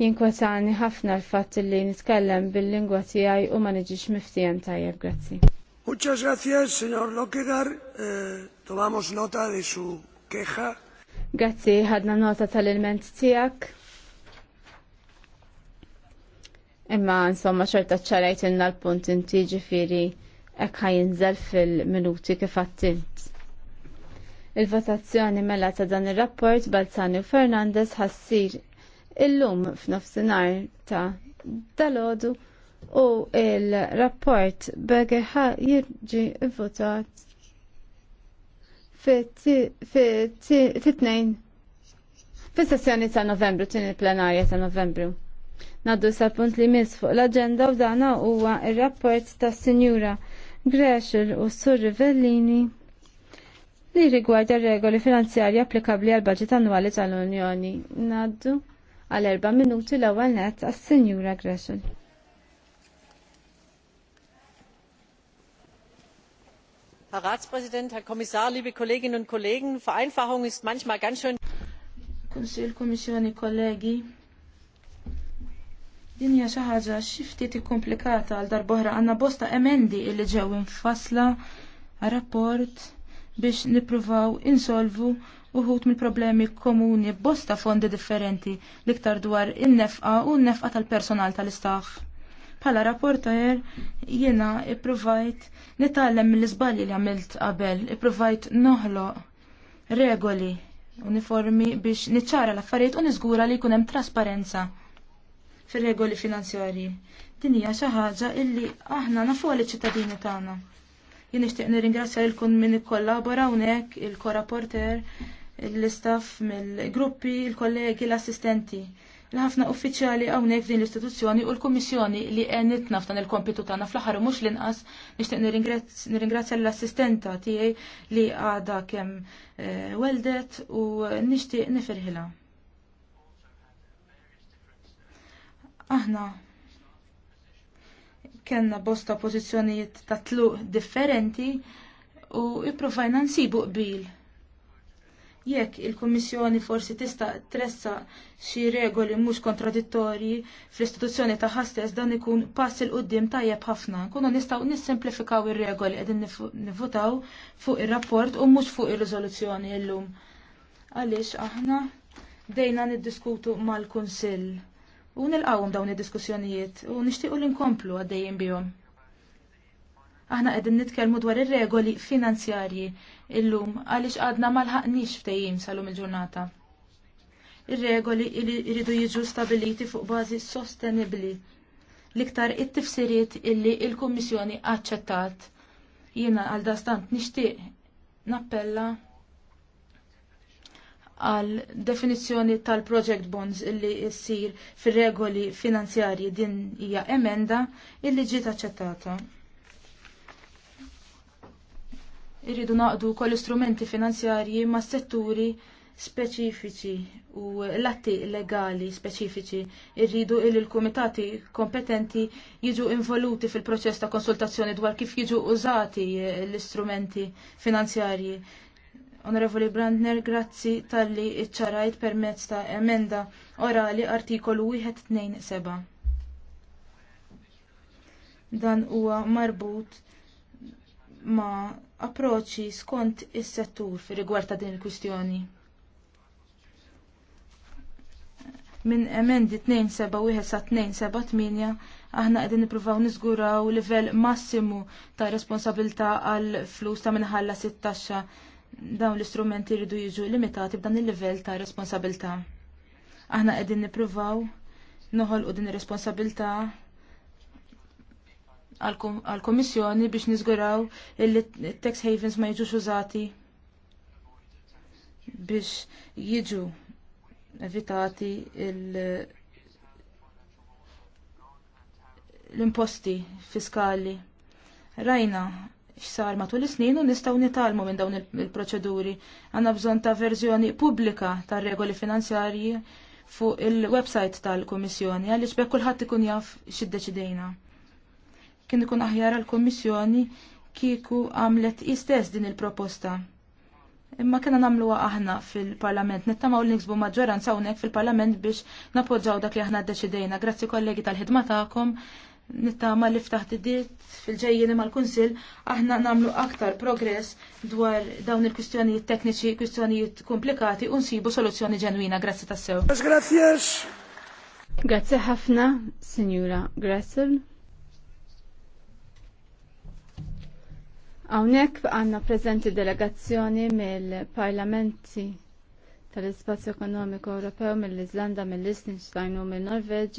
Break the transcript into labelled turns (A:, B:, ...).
A: jinkwetani ħafna l-fatt li nitkellem bil-lingwa tiegħi u ma niġix miftijem tajjeb, grazzi. Muchas gracias, signor Lokedar. Eh, tomamos nota di su queja. Grazzi, ħadna nota tal-ilment tiegħek. Imma insomma xorta ċarajt inna l-punt inti ġifiri ek ħajinżel fil-minuti kif għattint. Il-votazzjoni mela ta' dan ir rapport Balzani u Fernandez ħassir illum f'nofsinhar ta' dalodu u il-rapport Bergeħa jirġi votat fit-tnejn fis-sessjoni ta' Novembru, il plenarja ta' Novembru. Naddu sa' punt li mis fuq l-agenda u dana huwa ir-rapport ta' Sinjura Greshel u Sur Rivellini li rigwarda regoli finanzjarji applikabli għal budget annwali tal-Unjoni. Naddu għal erba' minuti l-ewwel nett għas-Sinjura Gresham. Herr Ratspräsident, Herr Kommissar, liebe Kolleginnen und Kollegen,
B: Vereinfachung ist manchmal ganz schön. Kunsil Kommissjoni kollegi, din hija xi ħaġa xi ftit ikkomplikata għal darb'oħra għandna bosta emendi li ġew infassla rapport biex nippruvaw insolvu uħut mill-problemi komuni bosta fondi differenti liktar dwar in-nefqa u n-nefqa tal-personal tal-istaff. Pala rapportajer jiena ippruvajt nitgħallem mill-iżbalji li għamilt qabel, ippruvajt noħloq regoli uniformi biex niċċara l-affarijiet u niżgura li jkun hemm trasparenza fir-regoli finanzjarji. Din hija xi ħaġa illi aħna nafu liċ-ċittadini tagħna. Jien nixtieq nirringrazzja lilkom min ikkollabora hawnhekk il-korapporter, l-istaff mill-gruppi, il-kollegi, l-assistenti. L-ħafna uffiċjali hawnhekk din l-istituzzjoni u l-Kummissjoni li għenitna f'dan il-kompitu tagħna fl-aħħar mhux l-inqas nixtieq nirringrazzja l-assistenta tiegħi li għadha kemm eh, weldet u nixtieq nifirħilha. Aħna Kenna bosta pożizzjonijiet ta' tluq differenti u ippruvajna nsibu qbil. Jekk il-Kummissjoni forsi tista' tressa xi regoli mhux kontradittorji fl-istituzzjoni ta' stess dan ikun pass il qudiem tajjeb ħafna. Nkunu nistgħu nissimplifikaw ir-regoli qegħdin nivvutaw fuq ir-rapport u mhux fuq ir-riżoluzzjoni llum. Għaliex aħna dejna niddiskutu mal-Kunsill u nilqawhom dawn id-diskussjonijiet u nixtiequ li nkomplu għaddejjin bihom. Aħna qegħdin nitkellmu dwar ir-regoli finanzjarji illum għaliex għadna ma lħaqniex ftehim salum il-ġurnata. Ir-regoli li jridu jiġu stabiliti fuq bażi sostenibbli l-iktar it-tifsiriet illi il-Kummissjoni aċċettat. Jiena għal dastant nixtieq nappella għal definizzjoni tal-project bonds illi ssir fir-regoli finanzjarji din hija emenda illi ġiet aċċettata. Irridu naqdu kol istrumenti finanzjarji ma' setturi speċifiċi u l-atti legali speċifiċi irridu il l-kumitati kompetenti jiġu involuti fil-proċess ta' konsultazzjoni dwar kif jiġu użati l-istrumenti finanzjarji Onorevoli Brandner, grazzi tal-li iċċarajt permezz ta' emenda orali artikolu 127. Dan huwa marbut ma' approċi skont is-settur fi rigward ta' din il-kwistjoni. Minn emendi 271 sa aħna qegħdin nippruvaw niżguraw livell massimu ta' responsabilità għal flus ta' minħalla 16 dawn l-istrumenti jridu jiġu limitati b'dan il-livell ta' responsabilità. Aħna qegħdin nippruvaw noħolqu din ir-responsabilità għall-Kummissjoni biex niżguraw t tax havens ma jiġux użati biex jiġu evitati l-imposti fiskali. Rajna x'sar matul is-snin u nistgħu nitalmu minn dawn il-proċeduri. Għandna bżonn ta' verżjoni pubblika tar-regoli finanzjarji fuq il-website tal-Kummissjoni għaliex bekk kulħadd ikun jaf x'iddeċidejna. Kien ikun aħjar għall-Kummissjoni kieku għamlet istess din il-proposta. Imma kena namluwa aħna fil-parlament, nittamaw l-niksbu maġġoranza hawnhekk fil-parlament biex napoġġaw dak li aħna ddeċidejna. Grazzi kollegi tal-ħidma tagħkom, nittama li ftaħt id-dirt fil-ġejjeni mal-Kunsil, aħna namlu aktar progress dwar dawn il-kwistjonijiet tekniċi, kwistjonijiet komplikati, unsibu soluzzjoni ġenwina. Grazzi tassew.
A: Grazie. Grazzi ħafna, Signora Gressel. Għawnek għanna prezenti delegazzjoni mill-parlamenti tal-Ispazju Ekonomiku Ewropew mill-Iżlanda, mill-Liechtenstein u mill-Norveġġja.